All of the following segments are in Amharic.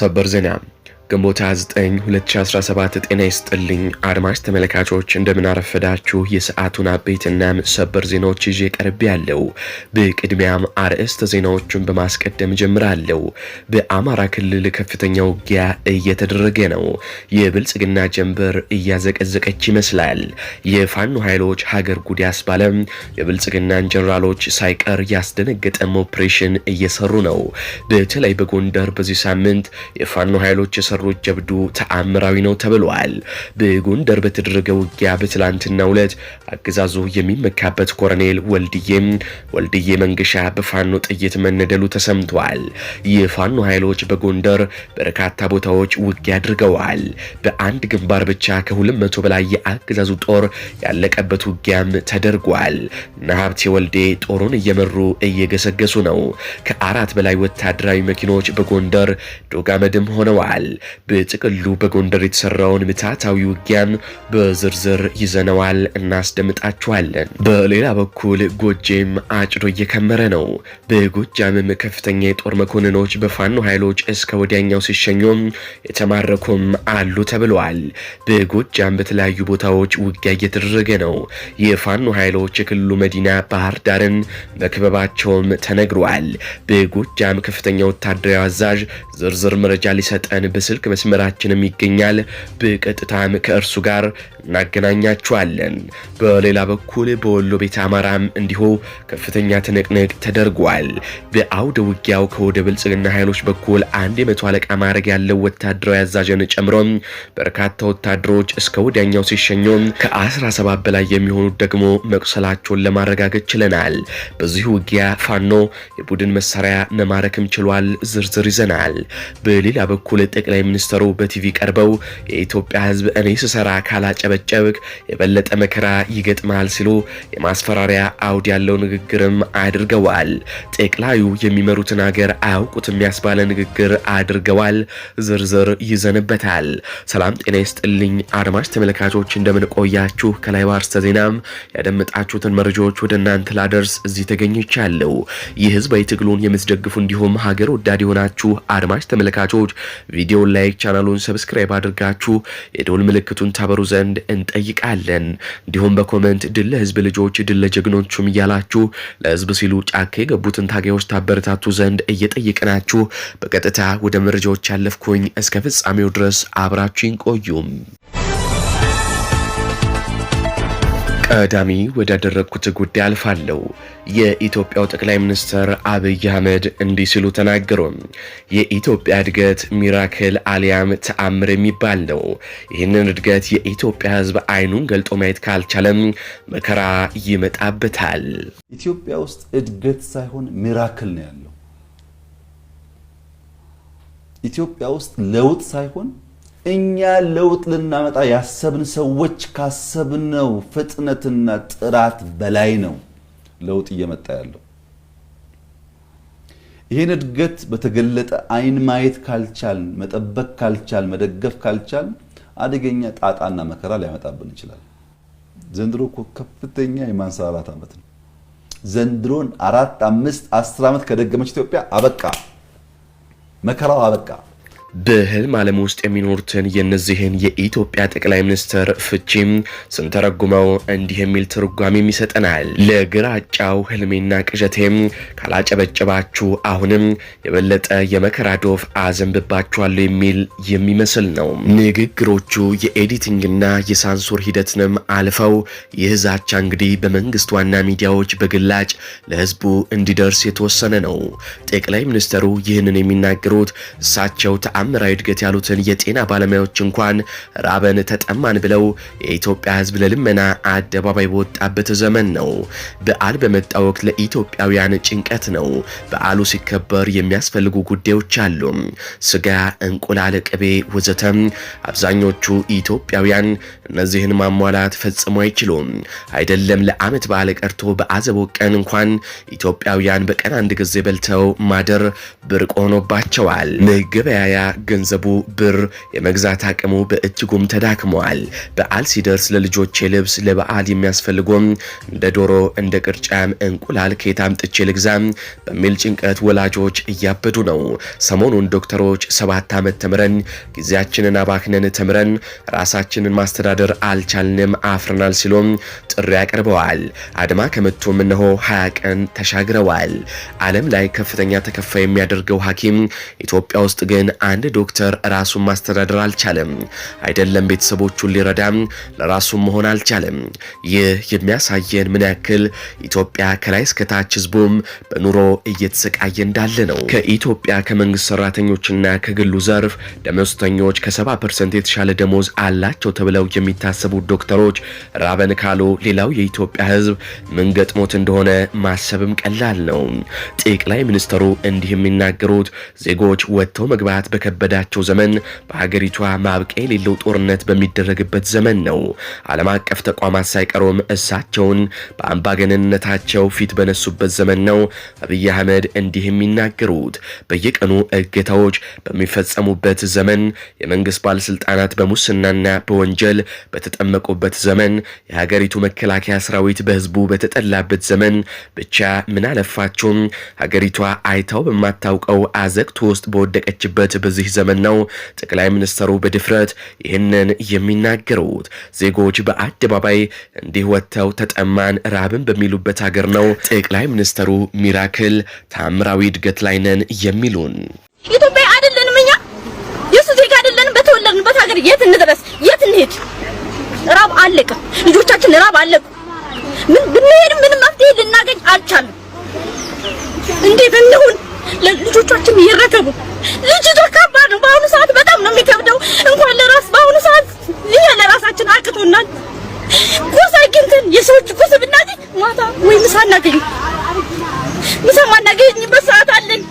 ሰበር ዜና ግንቦት 29 2017። ጤና ይስጥልኝ አድማጭ ተመልካቾች፣ እንደምናረፈዳችሁ የሰዓቱን አበይትናም ሰበር ዜናዎች ይዤ ቀርብ ያለው። በቅድሚያም አርዕስተ ዜናዎቹን በማስቀደም ጀምራለሁ። በአማራ ክልል ከፍተኛ ውጊያ እየተደረገ ነው። የብልጽግና ጀንበር እያዘቀዘቀች ይመስላል። የፋኖ ኃይሎች ሀገር ጉድ ያስባለም የብልጽግናን ጀኔራሎች ሳይቀር ያስደነገጠም ኦፕሬሽን እየሰሩ ነው። በተለይ በጎንደር በዚህ ሳምንት የፋኖ ኃይሎች የሰሩት ጀብዱ ተአምራዊ ነው ተብሏል። በጎንደር በተደረገ ውጊያ በትላንትናው ዕለት አገዛዙ የሚመካበት ኮረኔል ወልድዬም ወልድዬ መንገሻ በፋኖ ጥይት መነደሉ ተሰምቷል። የፋኖ ኃይሎች በጎንደር በርካታ ቦታዎች ውጊያ አድርገዋል። በአንድ ግንባር ብቻ ከ200 በላይ የአገዛዙ ጦር ያለቀበት ውጊያም ተደርጓል። እነ ሀብቴ ወልዴ ጦሩን እየመሩ እየገሰገሱ ነው። ከአራት በላይ ወታደራዊ መኪኖች በጎንደር ዶጋመድም ሆነዋል። በጥቅሉ በጎንደር የተሰራውን ምታታዊ ውጊያን በዝርዝር ይዘነዋል እናስደምጣችኋለን። በሌላ በኩል ጎጄም አጭዶ እየከመረ ነው። በጎጃምም ከፍተኛ የጦር መኮንኖች በፋኖ ኃይሎች እስከ ወዲያኛው ሲሸኙም የተማረኩም አሉ ተብለዋል። በጎጃም በተለያዩ ቦታዎች ውጊያ እየተደረገ ነው። የፋኖ ኃይሎች የክልሉ መዲና ባህር ዳርን መክበባቸውም ተነግሯል። በጎጃም ከፍተኛ ወታደራዊ አዛዥ ዝርዝር መረጃ ሊሰጠን በስልክ በስልክ መስመራችንም ይገኛል። በቀጥታም ከእርሱ ጋር እናገናኛችኋለን። በሌላ በኩል በወሎ ቤተ አማራም እንዲሁ ከፍተኛ ትንቅንቅ ተደርጓል። በአውደ ውጊያው ከወደ ብልጽግና ኃይሎች በኩል አንድ የመቶ አለቃ ማዕረግ ያለው ወታደራዊ አዛዥን ጨምሮ በርካታ ወታደሮች እስከ ወዲያኛው ሲሸኙ ከ17 በላይ የሚሆኑት ደግሞ መቁሰላቸውን ለማረጋገጥ ችለናል። በዚህ ውጊያ ፋኖ የቡድን መሳሪያ መማረክም ችሏል። ዝርዝር ይዘናል። በሌላ በኩል ጠቅላይ ሚኒስተሩ በቲቪ ቀርበው የኢትዮጵያ ህዝብ እኔ ስሰራ ካላጨበጨብክ የበለጠ መከራ ይገጥማል ሲሉ የማስፈራሪያ አውድ ያለው ንግግርም አድርገዋል። ጠቅላዩ የሚመሩትን ሀገር አያውቁትም ያስባለ ንግግር አድርገዋል። ዝርዝር ይዘንበታል። ሰላም ጤና ይስጥልኝ አድማጭ ተመልካቾች፣ እንደምንቆያችሁ ከላይ ባርስተ ዜናም ያደመጣችሁትን መረጃዎች ወደ እናንተ ላደርስ እዚህ ተገኝቻለሁ። ይህ ህዝባዊ ትግሉን የምትደግፉ እንዲሁም ሀገር ወዳድ የሆናችሁ አድማጭ ተመልካቾች ቪዲዮ ቪዲዮን ላይክ፣ ቻናሉን ሰብስክራይብ አድርጋችሁ የደውል ምልክቱን ታበሩ ዘንድ እንጠይቃለን። እንዲሁም በኮመንት ድል ለህዝብ ልጆች፣ ድል ለጀግኖቹም እያላችሁ ለህዝብ ሲሉ ጫካ የገቡትን ታጋዮች ታበረታቱ ዘንድ እየጠየቅናችሁ በቀጥታ ወደ መረጃዎች ያለፍኩኝ እስከ ፍጻሜው ድረስ አብራችሁን ቆዩም። ቀዳሚ ወዳደረግኩት ጉዳይ አልፋለሁ። የኢትዮጵያው ጠቅላይ ሚኒስትር አብይ አህመድ እንዲህ ሲሉ ተናገሩ። የኢትዮጵያ እድገት ሚራክል አሊያም ተአምር የሚባል ነው። ይህንን እድገት የኢትዮጵያ ሕዝብ አይኑን ገልጦ ማየት ካልቻለም መከራ ይመጣበታል። ኢትዮጵያ ውስጥ እድገት ሳይሆን ሚራክል ነው ያለው። ኢትዮጵያ ውስጥ ለውጥ ሳይሆን እኛ ለውጥ ልናመጣ ያሰብን ሰዎች ካሰብነው ፍጥነትና ጥራት በላይ ነው ለውጥ እየመጣ ያለው። ይህን እድገት በተገለጠ አይን ማየት ካልቻል፣ መጠበቅ ካልቻል፣ መደገፍ ካልቻል አደገኛ ጣጣና መከራ ሊያመጣብን ይችላል። ዘንድሮ እኮ ከፍተኛ የማንሰራራት ዓመት ነው። ዘንድሮን አራት፣ አምስት፣ አስር ዓመት ከደገመች ኢትዮጵያ አበቃ፣ መከራው አበቃ። በህልም ዓለም ውስጥ የሚኖሩትን የነዚህን የኢትዮጵያ ጠቅላይ ሚኒስትር ፍቺም ስንተረጉመው እንዲህ የሚል ትርጓሜም ይሰጠናል። ለግራጫው ህልሜና ቅዠቴም ካላጨበጨባችሁ አሁንም የበለጠ የመከራ ዶፍ አዘንብባችኋለሁ የሚል የሚመስል ነው። ንግግሮቹ የኤዲቲንግና የሳንሱር ሂደትንም አልፈው ይህ ዛቻ እንግዲህ በመንግስት ዋና ሚዲያዎች በግላጭ ለህዝቡ እንዲደርስ የተወሰነ ነው። ጠቅላይ ሚኒስትሩ ይህንን የሚናገሩት እሳቸው ተአምራዊ እድገት ያሉትን የጤና ባለሙያዎች እንኳን ራበን ተጠማን ብለው የኢትዮጵያ ሕዝብ ለልመና አደባባይ በወጣበት ዘመን ነው። በዓል በመጣ ወቅት ለኢትዮጵያውያን ጭንቀት ነው። በዓሉ ሲከበር የሚያስፈልጉ ጉዳዮች አሉ። ስጋ፣ እንቁላል፣ ቅቤ ወዘተም። አብዛኞቹ ኢትዮጵያውያን እነዚህን ማሟላት ፈጽሞ አይችሉም። አይደለም ለዓመት በዓል ቀርቶ በአዘቦ ቀን እንኳን ኢትዮጵያውያን በቀን አንድ ጊዜ በልተው ማደር ብርቅ ሆኖባቸዋል። መገበያያ ገንዘቡ ብር የመግዛት አቅሙ በእጅጉም ተዳክመዋል። በዓል ሲደርስ ለልጆቼ ልብስ ለበዓል የሚያስፈልጎም እንደ ዶሮ እንደ ቅርጫም እንቁላል ከየት አምጥቼ ልግዛም በሚል ጭንቀት ወላጆች እያበዱ ነው። ሰሞኑን ዶክተሮች ሰባት ዓመት ተምረን ጊዜያችንን አባክነን ተምረን ራሳችንን ማስተዳደር አልቻልንም አፍርናል ሲሎም ጥሪ አቅርበዋል። አድማ ከመቱም እነሆ 20 ቀን ተሻግረዋል። ዓለም ላይ ከፍተኛ ተከፋይ የሚያደርገው ሐኪም ኢትዮጵያ ውስጥ ግን አንድ ዶክተር ራሱን ማስተዳደር አልቻለም፣ አይደለም ቤተሰቦቹን ሊረዳም ለራሱም መሆን አልቻለም። ይህ የሚያሳየን ምን ያክል ኢትዮጵያ ከላይ እስከታች ህዝቡም በኑሮ እየተሰቃየ እንዳለ ነው። ከኢትዮጵያ ከመንግስት ሰራተኞችና ከግሉ ዘርፍ ደሞዝተኞች ከ70 ፐርሰንት የተሻለ ደሞዝ አላቸው ተብለው የሚታሰቡት ዶክተሮች ራበን ካሉ ሌላው የኢትዮጵያ ህዝብ ምን ገጥሞት እንደሆነ ማሰብም ቀላል ነው። ጠቅላይ ሚኒስትሩ እንዲህ የሚናገሩት ዜጎች ወጥተው መግባት በከ በከበዳቸው ዘመን በሀገሪቷ ማብቂያ የሌለው ጦርነት በሚደረግበት ዘመን ነው። ዓለም አቀፍ ተቋማት ሳይቀሩም እሳቸውን በአምባገነንነታቸው ፊት በነሱበት ዘመን ነው አብይ አህመድ እንዲህ የሚናገሩት። በየቀኑ እገታዎች በሚፈጸሙበት ዘመን፣ የመንግስት ባለስልጣናት በሙስናና በወንጀል በተጠመቁበት ዘመን፣ የሀገሪቱ መከላከያ ሰራዊት በህዝቡ በተጠላበት ዘመን ብቻ ምን አለፋችሁም ሀገሪቷ አይታው በማታውቀው አዘቅት ውስጥ በወደቀችበት በዚህ በዚህ ዘመን ነው ጠቅላይ ሚኒስትሩ በድፍረት ይህንን የሚናገሩት። ዜጎች በአደባባይ እንዲህ ወጥተው ተጠማን፣ ራብን በሚሉበት ሀገር ነው ጠቅላይ ሚኒስትሩ ሚራክል ታምራዊ እድገት ላይ ነን የሚሉን። ኢትዮጵያ አይደለንም እኛ የሱ ዜጋ አይደለንም። በተወለድንበት ሀገር የት እንድረስ? የት እንሄድ? ራብ አለቀ፣ ልጆቻችን ራብ አለቁ። ምን ብንሄድ ምንም መፍትሄ ልናገኝ አልቻለም። እንዴት እንሁን? ለልጆቻችን እየረከቡ ልጅ ድርካባ ነው። በአሁኑ ሰዓት በጣም ነው የሚከብደው። እንኳን ለራስ በአሁኑ ሰዓት ልያ ለራሳችን አቅቶናል። ቁርስ አይገኝተን የሰዎች ቁርስ ብናገኝ ማታ ወይ ምሳ እናገኝ ምሳ ማናገኝበት ሰዓት አለን።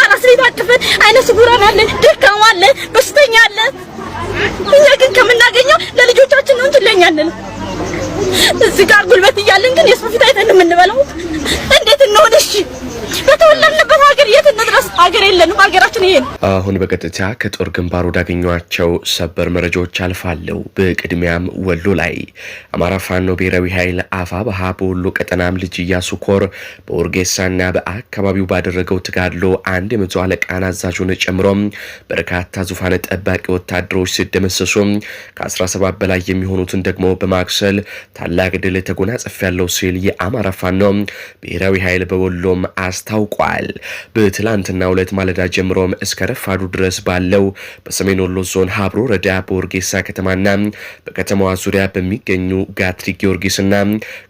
አራስ ቤት አቅፈን አይነ ስጉራን አለን፣ ደካማ አለ፣ በሽተኛ አለ። እኛ ግን ከምናገኘው ለልጆቻችን ነው እንጂ እዚህ ጋር ጉልበት እያለን ግን የሰው ፊት አይተን የምንበላው አገር የለንም፣ አገራችን ይሄን። አሁን በቀጥታ ከጦር ግንባር ወዳገኟቸው ሰበር መረጃዎች አልፋለሁ። በቅድሚያም ወሎ ላይ አማራ ፋኖ ብሔራዊ ኃይል በሀ በወሎ ቀጠናም ልጅ ኢያሱ ኮር በኡርጌሳና በአካባቢው ባደረገው ትጋድሎ አንድ የመቶ አለቃን አዛዡን ጨምሮ በርካታ ዙፋን ጠባቂ ወታደሮች ሲደመሰሱ ከ17 በላይ የሚሆኑትን ደግሞ በማክሰል ታላቅ ድል ተጎናጽፍ ያለው ሲል የአማራ ፋኖ ብሔራዊ ኃይል በወሎም አስታውቋል። በትላንትና በትናንትናው ሁለት ማለዳ ጀምሮም እስከ ረፋዱ ድረስ ባለው በሰሜን ወሎ ዞን ሀብሮ ወረዳ በወርጌሳ ከተማና በከተማዋ ዙሪያ በሚገኙ ጋትሪ ጊዮርጊስና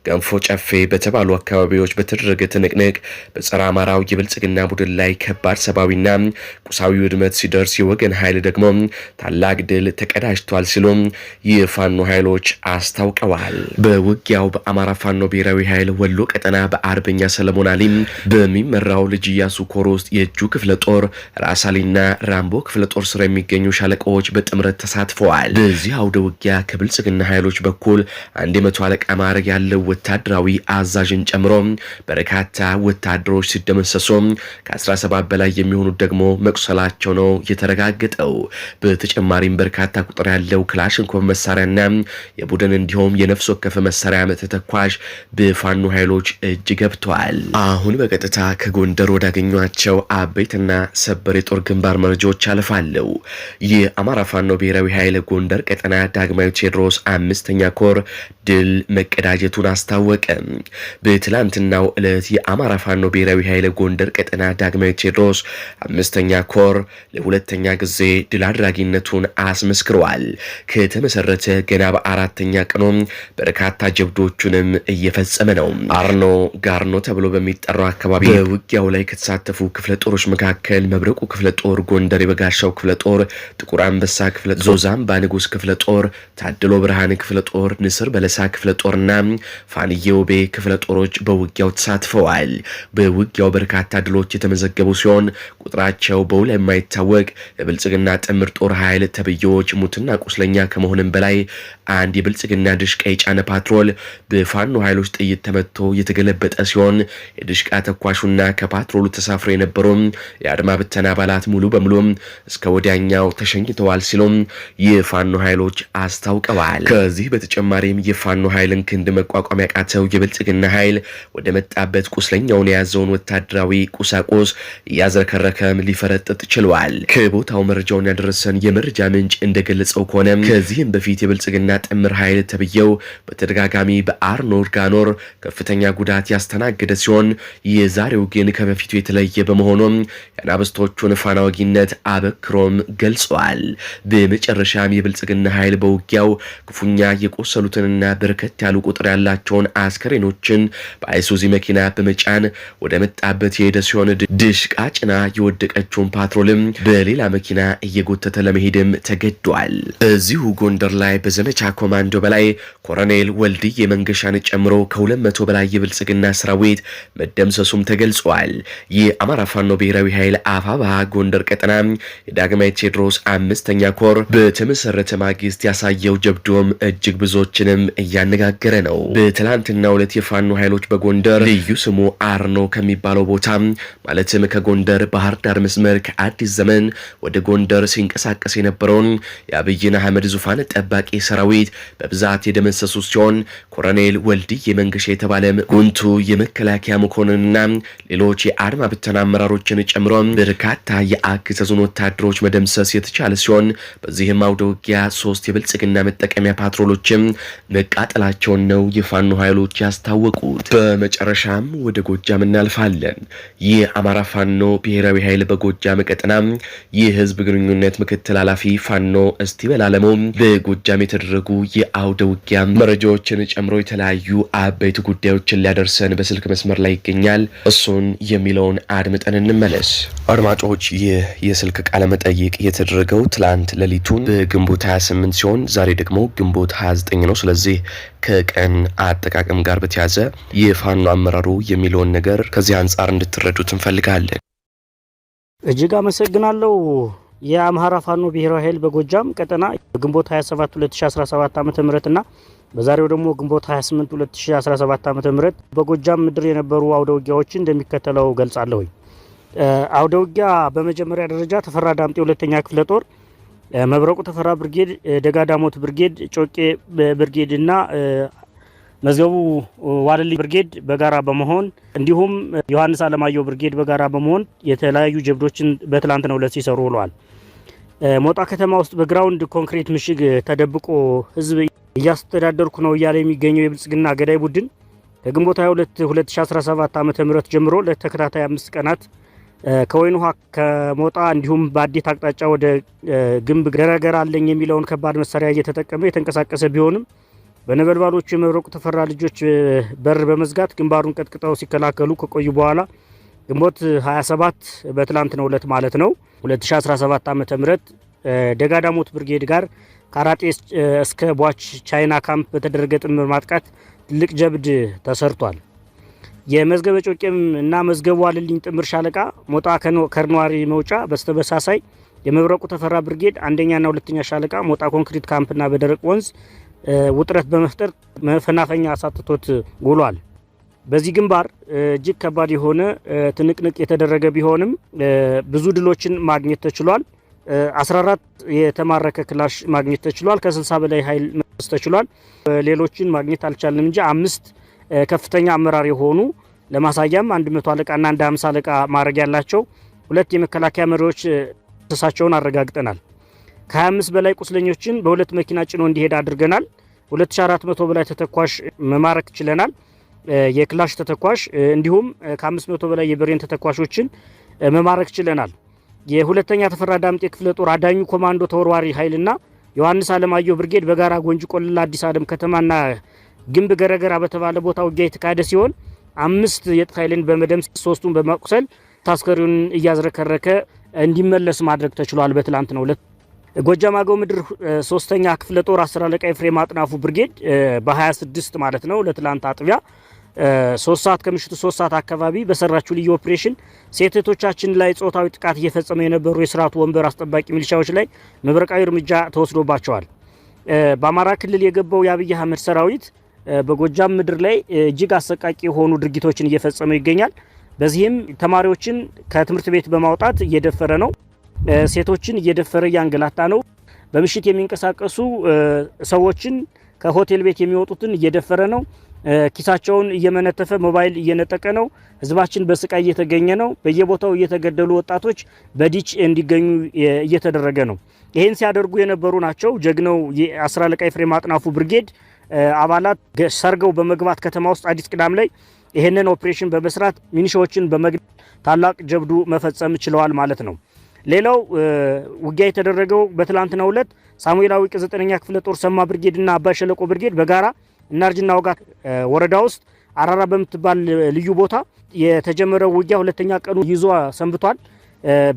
ገንፎ ጨፌ በተባሉ አካባቢዎች በተደረገ ትንቅንቅ በጸረ አማራው የብልጽግና ቡድን ላይ ከባድ ሰብአዊና ቁሳዊ ውድመት ሲደርስ የወገን ኃይል ደግሞ ታላቅ ድል ተቀዳጅቷል ሲሉ የፋኖ ኃይሎች አስታውቀዋል። በውጊያው በአማራ ፋኖ ብሔራዊ ኃይል ወሎ ቀጠና በአርበኛ ሰለሞን አሊም በሚመራው ልጅ እያሱ ኮር ውስጥ የእጁ ክፍለ ጦር ራሳሊና ራምቦ ክፍለ ጦር ስር የሚገኙ ሻለቃዎች በጥምረት ተሳትፈዋል። በዚህ አውደ ውጊያ ከብልጽግና ኃይሎች በኩል አንድ የመቶ አለቃ ማዕረግ ያለው ወታደራዊ አዛዥን ጨምሮ በርካታ ወታደሮች ሲደመሰሱ ከ17 በላይ የሚሆኑት ደግሞ መቁሰላቸው ነው የተረጋገጠው። በተጨማሪም በርካታ ቁጥር ያለው ክላሽንኮቭ መሳሪያና የቡድን እንዲሁም የነፍስ ወከፍ መሳሪያ ተተኳሽ በፋኖ ኃይሎች እጅ ገብተዋል። አሁን በቀጥታ ከጎንደር ወዳገኟቸው አ አበይትና ሰበር የጦር ግንባር መረጃዎች አልፋለሁ። አማራ ፋኖ ብሔራዊ ኃይል ጎንደር ቀጠና ዳግማዊ ቴዎድሮስ አምስተኛ ኮር ድል መቀዳጀቱን አስታወቀ። በትላንትናው ዕለት የአማራ ፋኖ ብሔራዊ ኃይል ጎንደር ቀጠና ዳግማዊ ቴዎድሮስ አምስተኛ ኮር ለሁለተኛ ጊዜ ድል አድራጊነቱን አስመስክረዋል። ከተመሰረተ ገና በአራተኛ ቀኖ በርካታ ጀብዶቹንም እየፈጸመ ነው። አርኖ ጋርኖ ተብሎ በሚጠራው አካባቢ በውጊያው ላይ ከተሳተፉ ክፍለ ጦሮች መካከል መብረቁ ክፍለ ጦር፣ ጎንደር የበጋሻው ክፍለ ጦር፣ ጥቁር አንበሳ ክፍለ ጦር፣ ዞዛምባ ንጉስ ክፍለ ጦር፣ ታድሎ ብርሃን ክፍለ ጦር፣ ንስር በለሳ ክፍለ ጦርና ፋንዬ ውቤ ክፍለ ጦሮች በውጊያው ተሳትፈዋል። በውጊያው በርካታ ድሎች የተመዘገቡ ሲሆን ቁጥራቸው በውል የማይታወቅ የብልጽግና ጥምር ጦር ኃይል ተብዬዎች ሙትና ቁስለኛ ከመሆንም በላይ አንድ የብልጽግና ድሽቃ የጫነ ፓትሮል በፋኖ ኃይሎች ጥይት ተመትቶ የተገለበጠ ሲሆን የድሽቃ ተኳሹና ከፓትሮሉ ተሳፍሮ የነበረው የአድማ ብተና አባላት ሙሉ በሙሉ እስከ ወዲያኛው ተሸኝተዋል ሲሉም የፋኖ ኃይሎች አስታውቀዋል። ከዚህ በተጨማሪም የፋኖ ኃይልን ክንድ መቋቋም ያቃተው የብልጽግና ኃይል ወደ መጣበት ቁስለኛውን የያዘውን ወታደራዊ ቁሳቁስ እያዝረከረከም ሊፈረጥጥ ችሏል። ከቦታው መረጃውን ያደረሰን የመረጃ ምንጭ እንደገለጸው ከሆነም ከዚህም በፊት የብልጽግና ጥምር ኃይል ተብየው በተደጋጋሚ በአርኖር ጋኖር ከፍተኛ ጉዳት ያስተናገደ ሲሆን የዛሬው ግን ከበፊቱ የተለየ በመሆኑም የአናብስቶቹን ፋናወጊነት አበክሮም ገልጸዋል። በመጨረሻም የብልጽግና ኃይል በውጊያው ክፉኛ የቆሰሉትንና በርከት ያሉ ቁጥር ያላቸውን አስከሬኖችን በአይሱዚ መኪና በመጫን ወደ መጣበት የሄደ ሲሆን ድሽቃ ጭና የወደቀችውን ፓትሮልም በሌላ መኪና እየጎተተ ለመሄድም ተገዷል። እዚሁ ጎንደር ላይ በዘመቻ ኮማንዶ በላይ ኮሎኔል ወልድዬ መንገሻን ጨምሮ ከሁለት መቶ በላይ የብልጽግና ሰራዊት መደምሰሱም ተገልጿል። አማራ ፋኖ ብሔራዊ ኃይል አፋባ ጎንደር ቀጠና የዳግማዊ ቴዎድሮስ አምስተኛ ኮር በተመሰረተ ማግስት ያሳየው ጀብዶም እጅግ ብዙዎችንም እያነጋገረ ነው። በትላንትና ሁለት የፋኖ ኃይሎች በጎንደር ልዩ ስሙ አርኖ ከሚባለው ቦታ ማለትም ከጎንደር ባህር ዳር መስመር ከአዲስ ዘመን ወደ ጎንደር ሲንቀሳቀስ የነበረውን የአብይን አህመድ ዙፋን ጠባቂ ሰራዊት በብዛት የደመሰሱ ሲሆን ኮሎኔል ወልድዬ መንገሻ የተባለ ጉንቱ የመከላከያ መኮንንና ሌሎች የአድማ ብተና አመራሮችን ኃይሎችን ጨምሮ በርካታ የአገዛዙን ወታደሮች መደምሰስ የተቻለ ሲሆን በዚህም አውደ ውጊያ ሶስት የብልጽግና መጠቀሚያ ፓትሮሎችም መቃጠላቸውን ነው የፋኖ ኃይሎች ያስታወቁት። በመጨረሻም ወደ ጎጃም እናልፋለን። ይህ አማራ ፋኖ ብሔራዊ ኃይል በጎጃም ቀጠና የህዝብ ግንኙነት ምክትል ኃላፊ ፋኖ እስቲ በላለመው በጎጃም የተደረጉ የአውደ ውጊያ መረጃዎችን ጨምሮ የተለያዩ አበይት ጉዳዮችን ሊያደርሰን በስልክ መስመር ላይ ይገኛል። እሱን የሚለውን አድምጠን እንመ እንመለስ አድማጮች። ይህ የስልክ ቃለ መጠይቅ የተደረገው ትላንት ሌሊቱን በግንቦት 28 ሲሆን ዛሬ ደግሞ ግንቦት 29 ነው። ስለዚህ ከቀን አጠቃቀም ጋር በተያዘ የፋኖ አመራሩ የሚለውን ነገር ከዚህ አንጻር እንድትረዱት እንፈልጋለን። እጅግ አመሰግናለሁ። የአምሃራ ፋኖ ብሔራዊ ኃይል በጎጃም ቀጠና ግንቦት 27 2017 ዓ ም እና በዛሬው ደግሞ ግንቦት 28 2017 ዓ ም በጎጃም ምድር የነበሩ አውደ ውጊያዎችን እንደሚከተለው ገልጻለሁኝ። አውደውጊያ በመጀመሪያ ደረጃ ተፈራ ዳምጤ ሁለተኛ ክፍለ ጦር መብረቁ ተፈራ ብርጌድ፣ ደጋዳሞት ብርጌድ፣ ጮቄ ብርጌድ እና መዝገቡ ዋልልኝ ብርጌድ በጋራ በመሆን እንዲሁም ዮሐንስ አለማየሁ ብርጌድ በጋራ በመሆን የተለያዩ ጀብዶችን ነው ዕለት ሲሰሩ ውለዋል። ሞጣ ከተማ ውስጥ በግራውንድ ኮንክሪት ምሽግ ተደብቆ ህዝብ እያስተዳደርኩ ነው እያለ የሚገኘው የብልጽግና ገዳይ ቡድን ከግንቦት 22 2017 ዓ ም ጀምሮ ለተከታታይ አምስት ቀናት ከወይን ውሃ ከሞጣ እንዲሁም በአዴት አቅጣጫ ወደ ግንብ ገረገር አለኝ የሚለውን ከባድ መሳሪያ እየተጠቀመ የተንቀሳቀሰ ቢሆንም በነበልባሎቹ የመብረቁ ተፈራ ልጆች በር በመዝጋት ግንባሩን ቀጥቅጠው ሲከላከሉ ከቆዩ በኋላ ግንቦት 27 በትላንትናው ዕለት ማለት ነው 2017 ዓ ም ደጋዳሞት ብርጌድ ጋር ከአራጤ እስከ ቧች ቻይና ካምፕ በተደረገ ጥምር ማጥቃት ትልቅ ጀብድ ተሰርቷል። የመዝገበ ጮቄም እና መዝገቡ አለልኝ ጥምር ሻለቃ ሞጣ ከርኗሪ መውጫ በስተበሳሳይ የመብረቁ ተፈራ ብርጌድ አንደኛና ሁለተኛ ሻለቃ ሞጣ ኮንክሪት ካምፕና በደረቅ ወንዝ ውጥረት በመፍጠር መፈናፈኛ አሳትቶት ውሏል። በዚህ ግንባር እጅግ ከባድ የሆነ ትንቅንቅ የተደረገ ቢሆንም ብዙ ድሎችን ማግኘት ተችሏል። 14 የተማረከ ክላሽ ማግኘት ተችሏል። ከ60 በላይ ኃይል መስ ተችሏል። ሌሎችን ማግኘት አልቻልንም እንጂ አምስት ከፍተኛ አመራር የሆኑ ለማሳያም አንድ መቶ አለቃና አንድ ሀምሳ አለቃ ማረግ ያላቸው ሁለት የመከላከያ መሪዎች ተሳቸውን አረጋግጠናል። ከ25 በላይ ቁስለኞችን በሁለት መኪና ጭኖ እንዲሄድ አድርገናል። 2400 በላይ ተተኳሽ መማረክ ችለናል። የክላሽ ተተኳሽ እንዲሁም ከ500 በላይ የብሬን ተተኳሾችን መማረክ ችለናል። የሁለተኛ ተፈራ ዳምጤ ክፍለ ጦር አዳኙ ኮማንዶ ተወርዋሪ ኃይልና ዮሐንስ አለማየሁ ብርጌድ በጋራ ጎንጂ ቆልላ አዲስ አለም ከተማና ግንብ ገረገራ በተባለ ቦታ ውጊያ የተካሄደ ሲሆን አምስት የጥት ኃይልን በመደምስ ሶስቱን በመቁሰል ታስከሪውን እያዝረከረከ እንዲመለስ ማድረግ ተችሏል። ነው ለት ጎጃም አገው ምድር ሶስተኛ ክፍለ ጦር አስር አለቃ ኤፍሬም አጥናፉ ብርጌድ በ26 ማለት ነው ለትላንት አጥቢያ ሶስት ሰዓት ከምሽቱ ሶስት ሰዓት አካባቢ በሰራችው ልዩ ኦፕሬሽን ሴቶቻችን ላይ ጾታዊ ጥቃት እየፈጸመ የነበሩ የስርዓቱ ወንበር አስጠባቂ ሚሊሻዎች ላይ መብረቃዊ እርምጃ ተወስዶባቸዋል። በአማራ ክልል የገባው የአብይ አህመድ ሰራዊት በጎጃም ምድር ላይ እጅግ አሰቃቂ የሆኑ ድርጊቶችን እየፈጸመ ይገኛል። በዚህም ተማሪዎችን ከትምህርት ቤት በማውጣት እየደፈረ ነው። ሴቶችን እየደፈረ እያንገላታ ነው። በምሽት የሚንቀሳቀሱ ሰዎችን ከሆቴል ቤት የሚወጡትን እየደፈረ ነው። ኪሳቸውን እየመነተፈ ሞባይል እየነጠቀ ነው። ህዝባችን በስቃይ እየተገኘ ነው። በየቦታው እየተገደሉ ወጣቶች በዲች እንዲገኙ እየተደረገ ነው። ይህን ሲያደርጉ የነበሩ ናቸው ጀግናው የአስር አለቃ ኤፍሬም አጥናፉ ብርጌድ አባላት ሰርገው በመግባት ከተማ ውስጥ አዲስ ቅዳም ላይ ይህንን ኦፕሬሽን በመስራት ሚኒሻዎችን በመግደል ታላቅ ጀብዱ መፈጸም ችለዋል ማለት ነው። ሌላው ውጊያ የተደረገው በትላንትናው ዕለት ሳሙኤላዊ ቅዝ ዘጠነኛ ክፍለ ጦር ሰማ ብርጌድና አባይ ሸለቆ ብርጌድ በጋራ እናርጅና ወጋት ወረዳ ውስጥ አራራ በምትባል ልዩ ቦታ የተጀመረው ውጊያ ሁለተኛ ቀኑ ይዞ ሰንብቷል።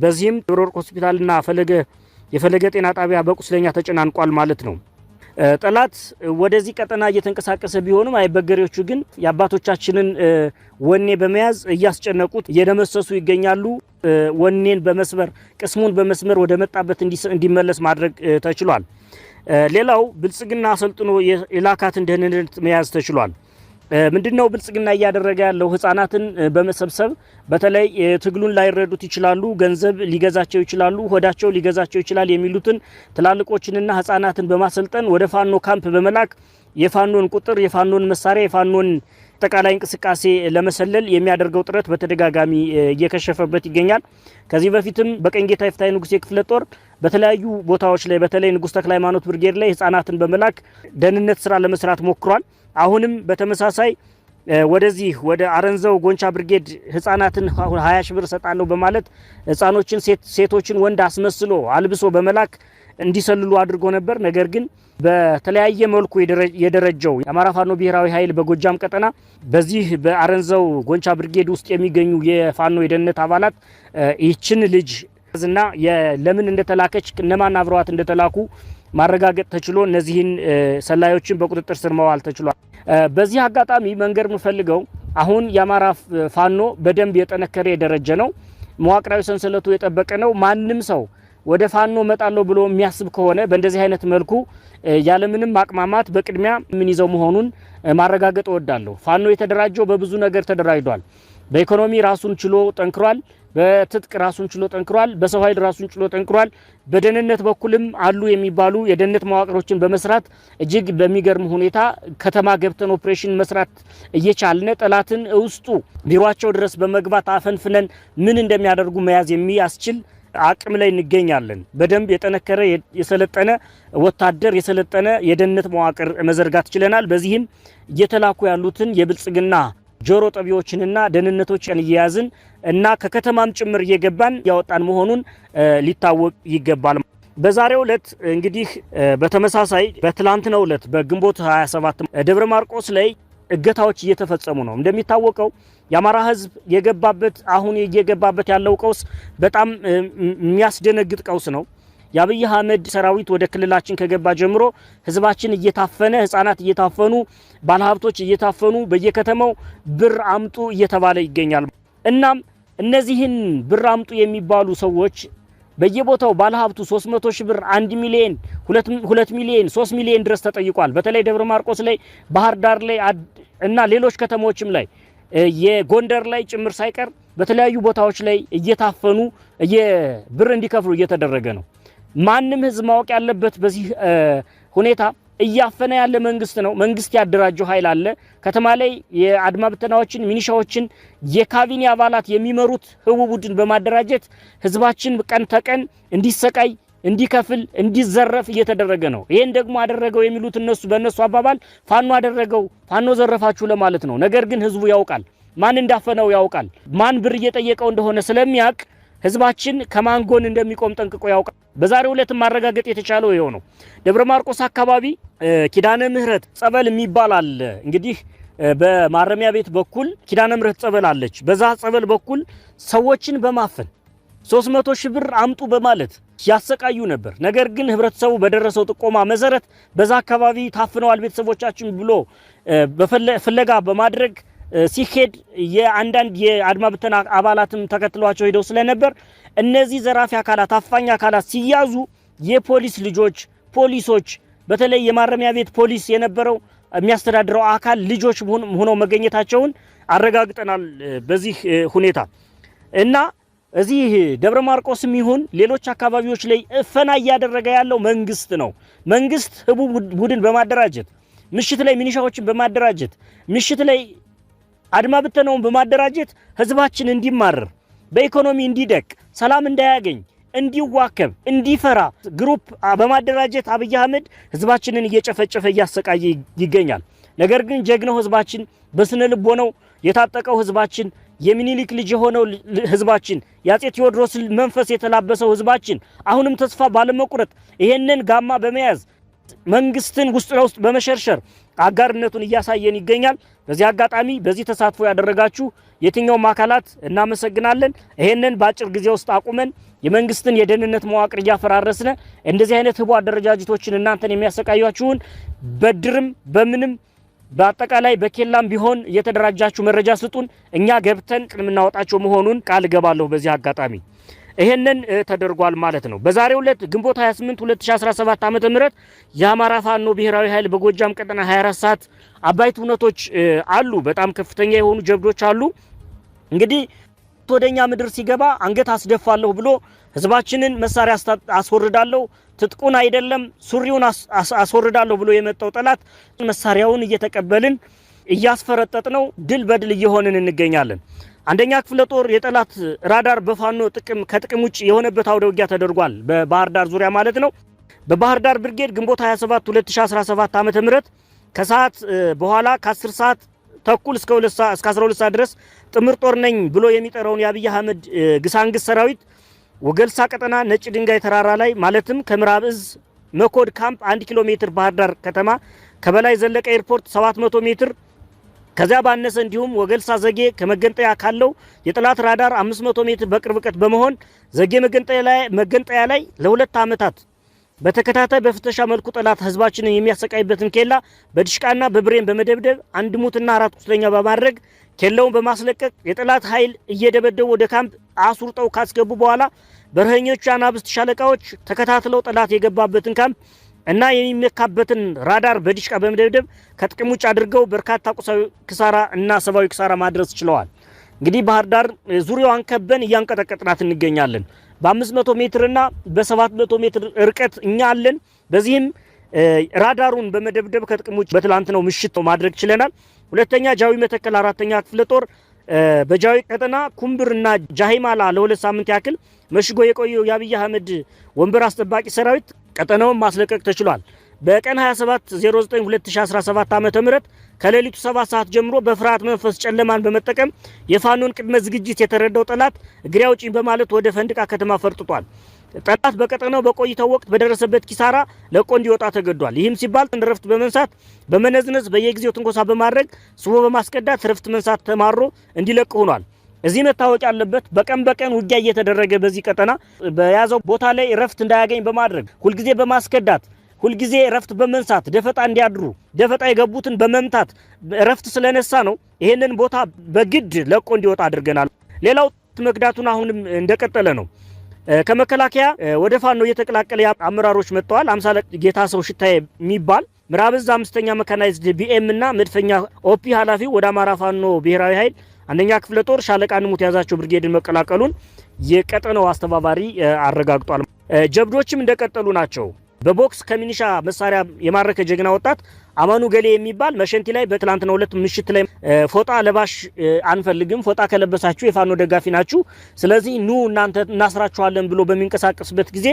በዚህም ደብረ ወርቅ ሆስፒታልና የፈለገ ጤና ጣቢያ በቁስለኛ ተጨናንቋል ማለት ነው። ጠላት ወደዚህ ቀጠና እየተንቀሳቀሰ ቢሆንም አይበገሬዎቹ ግን የአባቶቻችንን ወኔ በመያዝ እያስጨነቁት እየደመሰሱ ይገኛሉ። ወኔን በመስበር ቅስሙን በመስመር ወደ መጣበት እንዲመለስ ማድረግ ተችሏል። ሌላው ብልጽግና አሰልጥኖ የላካትን ደህንነት መያዝ ተችሏል። ምንድነው ብልጽግና እያደረገ ያለው? ህጻናትን በመሰብሰብ በተለይ ትግሉን ላይረዱት ይችላሉ፣ ገንዘብ ሊገዛቸው ይችላሉ፣ ሆዳቸው ሊገዛቸው ይችላል የሚሉትን ትላልቆችንና ህጻናትን በማሰልጠን ወደ ፋኖ ካምፕ በመላክ የፋኖን ቁጥር፣ የፋኖን መሳሪያ፣ የፋኖን አጠቃላይ እንቅስቃሴ ለመሰለል የሚያደርገው ጥረት በተደጋጋሚ እየከሸፈበት ይገኛል። ከዚህ በፊትም በቀኝ ጌታ ይፍታይ ንጉሴ ክፍለ ጦር በተለያዩ ቦታዎች ላይ በተለይ ንጉሥ ተክለ ሃይማኖት ብርጌድ ላይ ህጻናትን በመላክ ደህንነት ስራ ለመስራት ሞክሯል። አሁንም በተመሳሳይ ወደዚህ ወደ አረንዘው ጎንቻ ብርጌድ ህጻናትን ሀያ ሺ ብር እሰጣለሁ በማለት ህጻኖችን ሴቶችን ወንድ አስመስሎ አልብሶ በመላክ እንዲሰልሉ አድርጎ ነበር። ነገር ግን በተለያየ መልኩ የደረጀው የአማራ ፋኖ ብሔራዊ ኃይል በጎጃም ቀጠና በዚህ በአረንዘው ጎንቻ ብርጌድ ውስጥ የሚገኙ የፋኖ የደህንነት አባላት ይችን ልጅ እና ለምን እንደተላከች እነማን አብረዋት እንደተላኩ ማረጋገጥ ተችሎ እነዚህን ሰላዮችን በቁጥጥር ስር መዋል ተችሏል። በዚህ አጋጣሚ መንገድ የምፈልገው አሁን የአማራ ፋኖ በደንብ የጠነከረ የደረጀ ነው። መዋቅራዊ ሰንሰለቱ የጠበቀ ነው። ማንም ሰው ወደ ፋኖ መጣለሁ ብሎ የሚያስብ ከሆነ በእንደዚህ አይነት መልኩ ያለምንም ማቅማማት በቅድሚያ ምን ይዘው መሆኑን ማረጋገጥ እወዳለሁ። ፋኖ የተደራጀው በብዙ ነገር ተደራጅቷል። በኢኮኖሚ ራሱን ችሎ ጠንክሯል። በትጥቅ ራሱን ችሎ ጠንክሯል። በሰው ኃይል ራሱን ችሎ ጠንክሯል። በደህንነት በኩልም አሉ የሚባሉ የደህንነት መዋቅሮችን በመስራት እጅግ በሚገርም ሁኔታ ከተማ ገብተን ኦፕሬሽን መስራት እየቻልነ ጠላትን ውስጡ ቢሮቸው ድረስ በመግባት አፈንፍነን ምን እንደሚያደርጉ መያዝ የሚያስችል አቅም ላይ እንገኛለን። በደንብ የጠነከረ የሰለጠነ ወታደር የሰለጠነ የደህንነት መዋቅር መዘርጋት ችለናል። በዚህም እየተላኩ ያሉትን የብልጽግና ጆሮ ጠቢዎችንና ደህንነቶችን እየያዝን እና ከከተማም ጭምር እየገባን ያወጣን መሆኑን ሊታወቅ ይገባል። በዛሬው ዕለት እንግዲህ በተመሳሳይ በትላንትናው ዕለት በግንቦት 27 ደብረ ማርቆስ ላይ እገታዎች እየተፈጸሙ ነው። እንደሚታወቀው የአማራ ሕዝብ የገባበት አሁን እየገባበት ያለው ቀውስ በጣም የሚያስደነግጥ ቀውስ ነው። የአብይ አህመድ ሰራዊት ወደ ክልላችን ከገባ ጀምሮ ህዝባችን እየታፈነ ህጻናት እየታፈኑ ባለሀብቶች እየታፈኑ በየከተማው ብር አምጡ እየተባለ ይገኛል። እናም እነዚህን ብር አምጡ የሚባሉ ሰዎች በየቦታው ባለሀብቱ 300 ሺህ ብር 1 ሚሊዮን 2 ሚሊዮን 3 ሚሊዮን ድረስ ተጠይቋል። በተለይ ደብረ ማርቆስ ላይ፣ ባህር ዳር ላይ እና ሌሎች ከተሞችም ላይ የጎንደር ላይ ጭምር ሳይቀር በተለያዩ ቦታዎች ላይ እየታፈኑ ብር እንዲከፍሉ እየተደረገ ነው። ማንም ህዝብ ማወቅ ያለበት በዚህ ሁኔታ እያፈነ ያለ መንግስት ነው። መንግስት ያደራጀው ኃይል አለ። ከተማ ላይ የአድማ ብተናዎችን፣ ሚኒሻዎችን፣ የካቢኔ አባላት የሚመሩት ህቡ ቡድን በማደራጀት ህዝባችን ቀን ተቀን እንዲሰቃይ፣ እንዲከፍል፣ እንዲዘረፍ እየተደረገ ነው። ይህን ደግሞ አደረገው የሚሉት እነሱ በእነሱ አባባል ፋኖ አደረገው፣ ፋኖ ዘረፋችሁ ለማለት ነው። ነገር ግን ህዝቡ ያውቃል፣ ማን እንዳፈነው ያውቃል፣ ማን ብር እየጠየቀው እንደሆነ ስለሚያውቅ ህዝባችን ከማን ጎን እንደሚቆም ጠንቅቆ ያውቃል። በዛሬው ዕለት ማረጋገጥ የተቻለው ይኸው ነው። ደብረ ማርቆስ አካባቢ ኪዳነ ምህረት ጸበል የሚባል አለ። እንግዲህ በማረሚያ ቤት በኩል ኪዳነ ምህረት ጸበል አለች። በዛ ጸበል በኩል ሰዎችን በማፈን 300 ሺህ ብር አምጡ በማለት ያሰቃዩ ነበር። ነገር ግን ህብረተሰቡ በደረሰው ጥቆማ መሰረት በዛ አካባቢ ታፍነዋል ቤተሰቦቻችን ብሎ ፍለጋ በማድረግ ሲሄድ የአንዳንድ የአድማ ብተና አባላትም ተከትሏቸው ሄደው ስለነበር እነዚህ ዘራፊ አካላት አፋኝ አካላት ሲያዙ የፖሊስ ልጆች ፖሊሶች በተለይ የማረሚያ ቤት ፖሊስ የነበረው የሚያስተዳድረው አካል ልጆች ሆነው መገኘታቸውን አረጋግጠናል። በዚህ ሁኔታ እና እዚህ ደብረ ማርቆስም ይሁን ሌሎች አካባቢዎች ላይ እፈና እያደረገ ያለው መንግስት ነው። መንግስት ህቡ ቡድን በማደራጀት ምሽት ላይ ሚኒሻዎችን በማደራጀት ምሽት ላይ አድማ ብተናውን በማደራጀት ህዝባችን እንዲማረር፣ በኢኮኖሚ እንዲደቅ፣ ሰላም እንዳያገኝ፣ እንዲዋከብ፣ እንዲፈራ ግሩፕ በማደራጀት አብይ አህመድ ህዝባችንን እየጨፈጨፈ እያሰቃየ ይገኛል። ነገር ግን ጀግነው ህዝባችን በስነ ልቦናው የታጠቀው ህዝባችን የሚኒሊክ ልጅ የሆነው ህዝባችን የአጼ ቴዎድሮስ መንፈስ የተላበሰው ህዝባችን አሁንም ተስፋ ባለመቁረጥ ይሄንን ጋማ በመያዝ መንግስትን ውስጥ ለውስጥ በመሸርሸር አጋርነቱን እያሳየን ይገኛል። በዚህ አጋጣሚ በዚህ ተሳትፎ ያደረጋችሁ የትኛውም አካላት እናመሰግናለን። ይሄንን በአጭር ጊዜ ውስጥ አቁመን የመንግስትን የደህንነት መዋቅር እያፈራረስነ እንደዚህ አይነት ህቡ አደረጃጀቶችን እናንተን የሚያሰቃያችሁን በድርም በምንም በአጠቃላይ በኬላም ቢሆን እየተደራጃችሁ መረጃ ስጡን። እኛ ገብተን ቅድም እናወጣቸው መሆኑን ቃል እገባለሁ በዚህ አጋጣሚ ይሄንን ተደርጓል ማለት ነው። በዛሬው ዕለት ግንቦት 28 2017 ዓ.ም የአማራ ፋኖ ብሔራዊ ኃይል በጎጃም ቀጠና 24 ሰዓት አባይት እውነቶች አሉ። በጣም ከፍተኛ የሆኑ ጀብዶች አሉ። እንግዲህ ወደኛ ምድር ሲገባ አንገት አስደፋለሁ ብሎ ህዝባችንን መሳሪያ አስወርዳለሁ ትጥቁን አይደለም ሱሪውን አስወርዳለሁ ብሎ የመጣው ጠላት መሳሪያውን እየተቀበልን እያስፈረጠጥ ነው። ድል በድል እየሆንን እንገኛለን። አንደኛ ክፍለ ጦር የጠላት ራዳር በፋኖ ጥቅም ከጥቅም ውጭ የሆነበት አውደ ውጊያ ተደርጓል። በባህር ዳር ዙሪያ ማለት ነው። በባህር ዳር ብርጌድ ግንቦት 27 2017 ዓመተ ምህረት ከሰዓት በኋላ ከ10 ሰዓት ተኩል እስከ 12 ሰዓት ድረስ ጥምር ጦር ነኝ ብሎ የሚጠራውን የአብይ አህመድ ግሳንግስ ሰራዊት ወገልሳ ቀጠና ነጭ ድንጋይ ተራራ ላይ ማለትም ከምዕራብ እዝ መኮድ ካምፕ 1 ኪሎ ሜትር ባህር ዳር ከተማ ከበላይ ዘለቀ ኤርፖርት 700 ሜትር ከዚያ ባነሰ እንዲሁም ወገልሳ ዘጌ ከመገንጠያ ካለው የጥላት ራዳር 500 ሜትር በቅርብ ርቀት በመሆን ዘጌ መገንጠያ ላይ ለሁለት ዓመታት በተከታታይ በፍተሻ መልኩ ጠላት ህዝባችንን የሚያሰቃይበትን ኬላ በድሽቃና በብሬን በመደብደብ አንድ ሙትና አራት ቁስለኛ በማድረግ ኬላውን በማስለቀቅ የጠላት ኃይል እየደበደቡ ወደ ካምፕ አስሩጠው ካስገቡ በኋላ በረሀኞቹ አናብስት ሻለቃዎች ተከታትለው ጠላት የገባበትን ካምፕ እና የሚመካበትን ራዳር በዲሽቃ በመደብደብ ከጥቅም ውጭ አድርገው በርካታ ቁሳዊ ክሳራ እና ሰብአዊ ክሳራ ማድረስ ችለዋል። እንግዲህ ባህር ዳር ዙሪያዋን ከበን እያንቀጠቀጥናት እንገኛለን። በ500 ሜትር እና በ700 ሜትር ርቀት እኛ አለን። በዚህም ራዳሩን በመደብደብ ከጥቅም ውጭ በትላንትናው ምሽት ማድረግ ችለናል። ሁለተኛ ጃዊ መተከል አራተኛ ክፍለ ጦር በጃዊ ቀጠና ኩምብር ኩምብርና ጃሂማላ ለሁለት ሳምንት ያክል መሽጎ የቆየው የአብይ አህመድ ወንበር አስጠባቂ ሰራዊት ቀጠናውን ማስለቀቅ ተችሏል። በቀን 27092017 09 2017 ዓ.ም ከሌሊቱ 7 ሰዓት ጀምሮ በፍርሃት መንፈስ ጨለማን በመጠቀም የፋኖን ቅድመ ዝግጅት የተረዳው ጠላት እግሬ በማለት ወደ ፈንድቃ ከተማ ፈርጥጧል። ጠላት በቀጠናው በቆይተው ወቅት በደረሰበት ኪሳራ ለቆ እንዲወጣ ተገዷል። ይህም ሲባል እረፍት በመንሳት በመነዝነዝ በየጊዜው ትንኮሳ በማድረግ ስቦ በማስቀዳት እረፍት መንሳት ተማሮ እንዲለቅ ሆኗል። እዚህ መታወቅ ያለበት በቀን በቀን ውጊያ እየተደረገ በዚህ ቀጠና በያዘው ቦታ ላይ እረፍት እንዳያገኝ በማድረግ ሁልጊዜ በማስከዳት ሁልጊዜ እረፍት በመንሳት ደፈጣ እንዲያድሩ ደፈጣ የገቡትን በመምታት እረፍት ስለነሳ ነው ይህንን ቦታ በግድ ለቆ እንዲወጣ አድርገናል። ሌላው መግዳቱን አሁንም እንደቀጠለ ነው። ከመከላከያ ወደ ፋኖ እየተቀላቀለ አመራሮች መጥተዋል። አምሳለ ጌታ ሰው ሽታ የሚባል ምራብዝ አምስተኛ መካናይዝድ ቢኤም እና መድፈኛ ኦፒ ኃላፊው ወደ አማራ ፋኖ ብሔራዊ ኃይል አንደኛ ክፍለ ጦር ሻለቃ ንሙት ያዛቸው ብርጌድን መቀላቀሉን የቀጠናው አስተባባሪ አረጋግጧል። ጀብዶችም እንደቀጠሉ ናቸው። በቦክስ ከሚኒሻ መሳሪያ የማረከ ጀግና ወጣት አማኑ ገሌ የሚባል መሸንቲ ላይ በትላንትና ሁለት ምሽት ላይ ፎጣ ለባሽ አንፈልግም፣ ፎጣ ከለበሳችሁ የፋኖ ደጋፊ ናችሁ፣ ስለዚህ ኑ እናንተ እናስራችኋለን ብሎ በሚንቀሳቀስበት ጊዜ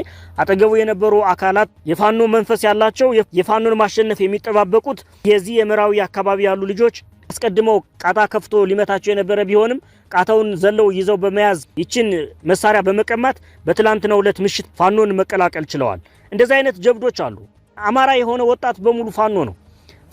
አጠገቡ የነበሩ አካላት የፋኖ መንፈስ ያላቸው የፋኖን ማሸነፍ የሚጠባበቁት የዚህ የምዕራዊ አካባቢ ያሉ ልጆች አስቀድሞ ቃታ ከፍቶ ሊመታቸው የነበረ ቢሆንም ቃታውን ዘለው ይዘው በመያዝ ይችን መሳሪያ በመቀማት በትላንትናው ዕለት ምሽት ፋኖን መቀላቀል ችለዋል። እንደዚህ አይነት ጀብዶች አሉ። አማራ የሆነ ወጣት በሙሉ ፋኖ ነው።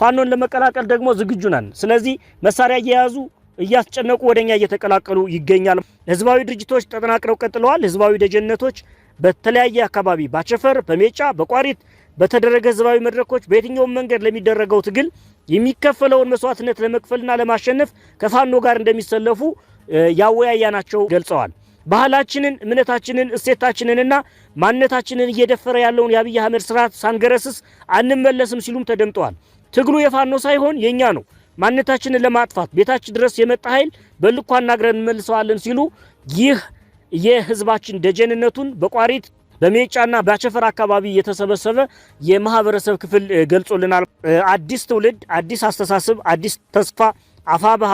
ፋኖን ለመቀላቀል ደግሞ ዝግጁ ነን። ስለዚህ መሳሪያ እየያዙ እያስጨነቁ ወደኛ እየተቀላቀሉ ይገኛል። ህዝባዊ ድርጅቶች ተጠናቅረው ቀጥለዋል። ህዝባዊ ደጀነቶች በተለያየ አካባቢ ባቸፈር፣ በሜጫ፣ በቋሪት በተደረገ ህዝባዊ መድረኮች በየትኛውም መንገድ ለሚደረገው ትግል የሚከፈለውን መስዋዕትነት ለመክፈልና ለማሸነፍ ከፋኖ ጋር እንደሚሰለፉ ያወያያናቸው ገልጸዋል። ባህላችንን፣ እምነታችንን፣ እሴታችንንና ማንነታችንን እየደፈረ ያለውን የአብይ አህመድ ስርዓት ሳንገረስስ አንመለስም ሲሉም ተደምጠዋል። ትግሉ የፋኖ ሳይሆን የእኛ ነው። ማንነታችንን ለማጥፋት ቤታችን ድረስ የመጣ ኃይል በልኳ አናግረን እንመልሰዋለን ሲሉ ይህ የህዝባችን ደጀንነቱን በቋሪት በሜጫና በቸፈር አካባቢ የተሰበሰበ የማህበረሰብ ክፍል ገልጾልናል። አዲስ ትውልድ፣ አዲስ አስተሳሰብ፣ አዲስ ተስፋ አፋብሃ